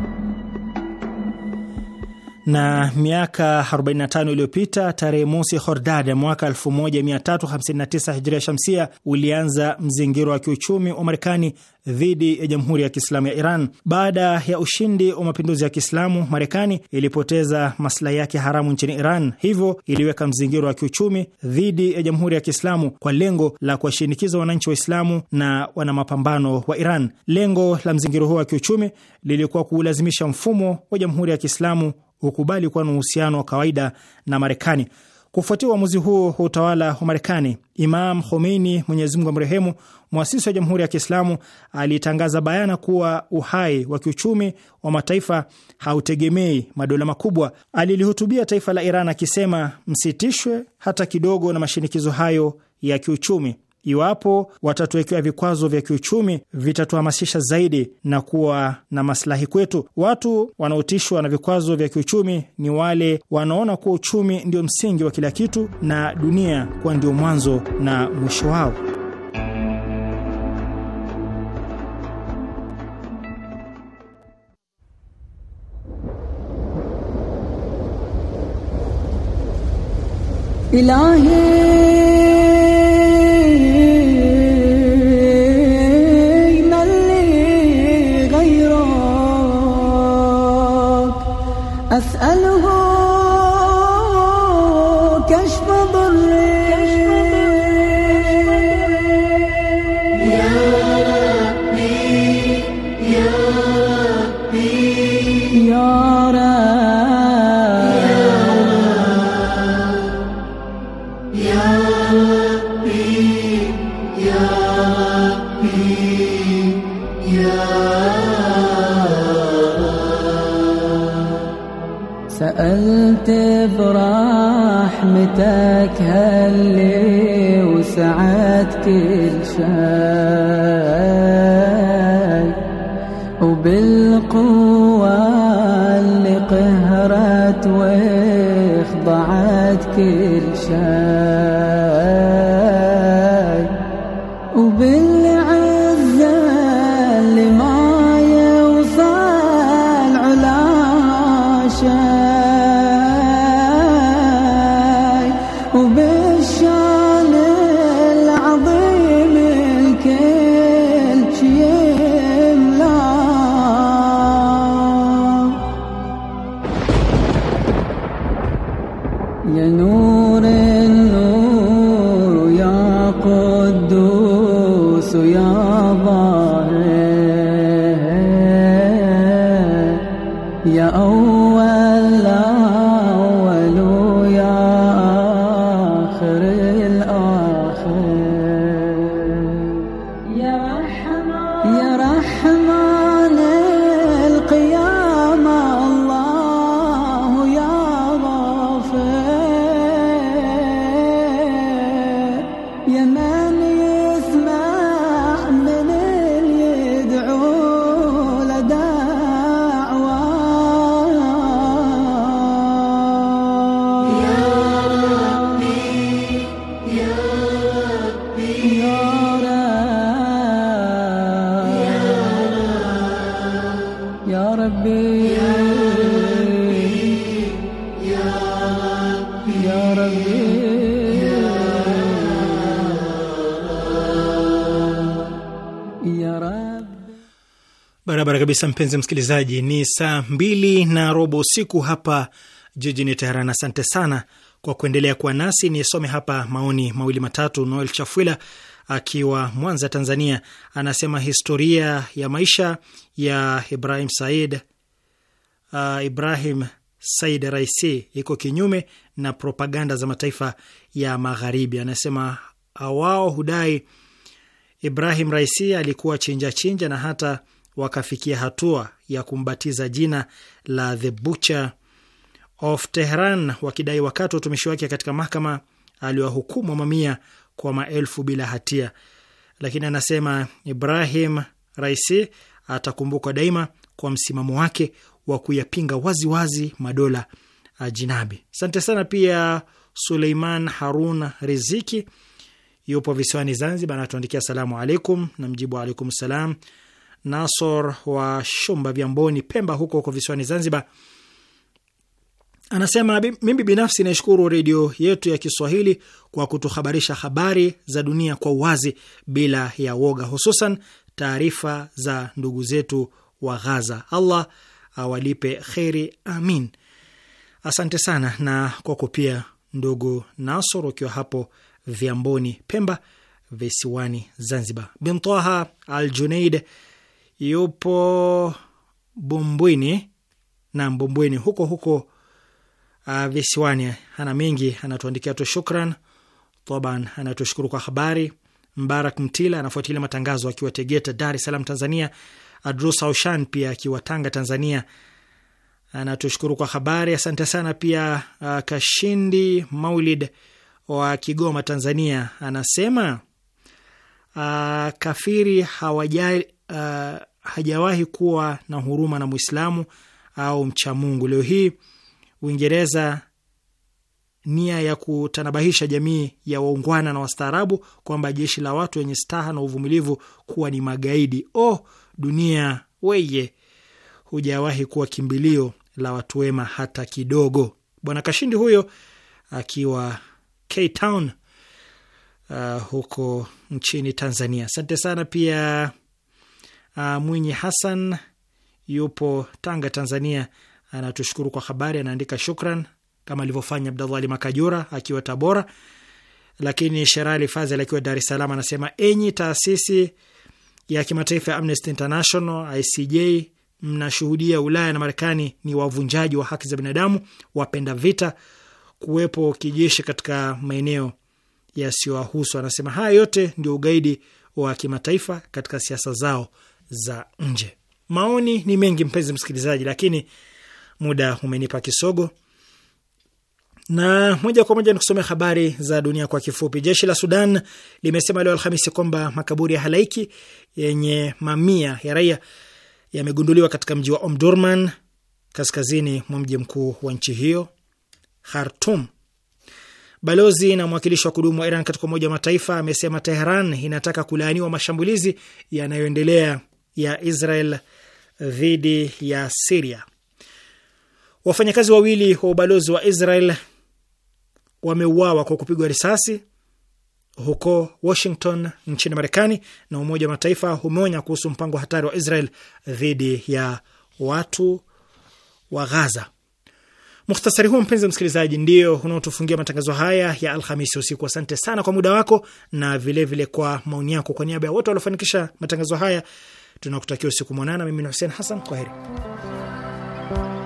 na miaka 45 iliyopita tarehe mosi Hordad mwaka 1359 Hijria Shamsia ulianza mzingiro wa kiuchumi wa Marekani dhidi ya Jamhuri ya Kiislamu ya Iran. Baada ya ushindi wa mapinduzi ya Kiislamu, Marekani ilipoteza maslahi yake haramu nchini Iran, hivyo iliweka mzingiro wa kiuchumi dhidi ya Jamhuri ya Kiislamu kwa lengo la kuwashinikiza wananchi Waislamu na wanamapambano wa Iran. Lengo la mzingiro huo wa kiuchumi lilikuwa kuulazimisha mfumo wa Jamhuri ya Kiislamu kukubali kuwa na uhusiano wa kawaida na Marekani. Kufuatia uamuzi huo wa utawala wa Marekani, Imam Khomeini, Mwenyezi Mungu amrehemu, mwasisi wa Jamhuri ya Kiislamu, alitangaza bayana kuwa uhai wa kiuchumi wa mataifa hautegemei madola makubwa. Alilihutubia taifa la Iran akisema, msitishwe hata kidogo na mashinikizo hayo ya kiuchumi iwapo watatuwekewa vikwazo vya kiuchumi vitatuhamasisha zaidi na kuwa na maslahi kwetu. Watu wanaotishwa na vikwazo vya kiuchumi ni wale wanaona kuwa uchumi ndio msingi wa kila kitu na dunia kuwa ndio mwanzo na mwisho wao. Ilahi يرحم kabisa mpenzi msikilizaji, ni saa mbili na robo usiku hapa jijini Teheran. Asante sana kwa kuendelea kuwa nasi. Nisome hapa maoni mawili matatu. Noel Chafwila akiwa Mwanza, Tanzania, anasema historia ya maisha ya Ibrahim Said uh, Ibrahim Said Raisi iko kinyume na propaganda za mataifa ya Magharibi. Anasema awao hudai Ibrahim Raisi alikuwa chinja chinja na hata wakafikia hatua ya kumbatiza jina la The Butcher of Tehran, wakidai wakati wa utumishi wake katika mahakama aliwahukumu mamia kwa maelfu bila hatia. Lakini anasema Ibrahim Raisi atakumbukwa daima kwa msimamo wake wa kuyapinga waziwazi madola ajinabi. Asante sana pia Suleiman Harun Riziki yupo visiwani Zanzibar, anatuandikia salamu alaikum, na mjibu alaikum salam Nasor wa Shumba Vyamboni, Pemba, huko huko visiwani Zanzibar, anasema mimi binafsi naishukuru redio yetu ya Kiswahili kwa kutuhabarisha habari za dunia kwa uwazi bila ya woga, hususan taarifa za ndugu zetu wa Ghaza. Allah awalipe kheri, amin. Asante sana na kwako pia ndugu Nasor, ukiwa hapo Vyamboni, Pemba, visiwani Zanzibar. Bintaha Al Junaid yupo Bumbwini na Bumbwini huko huko uh, visiwani. Ana mengi anatuandikia tu, shukran Toban anatushukuru kwa habari. Mbarak Mtila anafuatilia matangazo akiwa Tegeta, Dar es Salaam, Tanzania. Adrus Aushan pia akiwa Tanga, Tanzania, anatushukuru kwa habari, asante sana. Pia uh, Kashindi Maulid wa Kigoma, Tanzania, anasema Uh, kafiri hawajai, uh, hajawahi kuwa na huruma na Mwislamu au mcha Mungu. Leo hii Uingereza nia ya kutanabahisha jamii ya waungwana na wastaarabu kwamba jeshi la watu wenye staha na uvumilivu kuwa ni magaidi. Oh, dunia weye, hujawahi kuwa kimbilio la watu wema hata kidogo. Bwana Kashindi huyo akiwa K Town uh, huko nchini Tanzania. Asante sana pia uh, Mwinyi Hassan yupo Tanga, Tanzania, anatushukuru kwa habari, anaandika shukran, kama alivyofanya Abdallah Ali Makajura akiwa Tabora. Lakini Sherali Fazel akiwa Dar es Salaam anasema enyi taasisi ya kimataifa ya Amnesty International, ICJ, mnashuhudia Ulaya na Marekani ni wavunjaji wa haki za binadamu, wapenda vita, kuwepo kijeshi katika maeneo yasiyowahusu. Anasema haya yote ndio ugaidi wa kimataifa katika siasa zao za nje. Maoni ni mengi mpenzi msikilizaji, lakini muda umenipa kisogo, na moja kwa moja nikusomea habari za dunia kwa kifupi. Jeshi la Sudan limesema leo Alhamisi kwamba makaburi ya halaiki yenye mamia ya raia yamegunduliwa katika mji wa Omdurman kaskazini mwa mji mkuu wa nchi hiyo hartum Balozi na mwakilishi wa kudumu wa Iran katika Umoja wa Mataifa amesema Teheran inataka kulaaniwa mashambulizi yanayoendelea ya Israel dhidi ya Siria. Wafanyakazi wawili wa ubalozi wa Israel wameuawa kwa kupigwa risasi huko Washington nchini Marekani, na Umoja wa Mataifa umeonya kuhusu mpango hatari wa Israel dhidi ya watu wa Ghaza. Mukhtasari huu mpenzi msikilizaji, ndio unaotufungia matangazo haya ya Alhamisi usiku. Asante sana kwa muda wako na vilevile vile kwa maoni yako. Kwa niaba ya wote waliofanikisha matangazo haya, tunakutakia usiku mwanana. Mimi ni Hussein Hassan, kwa heri.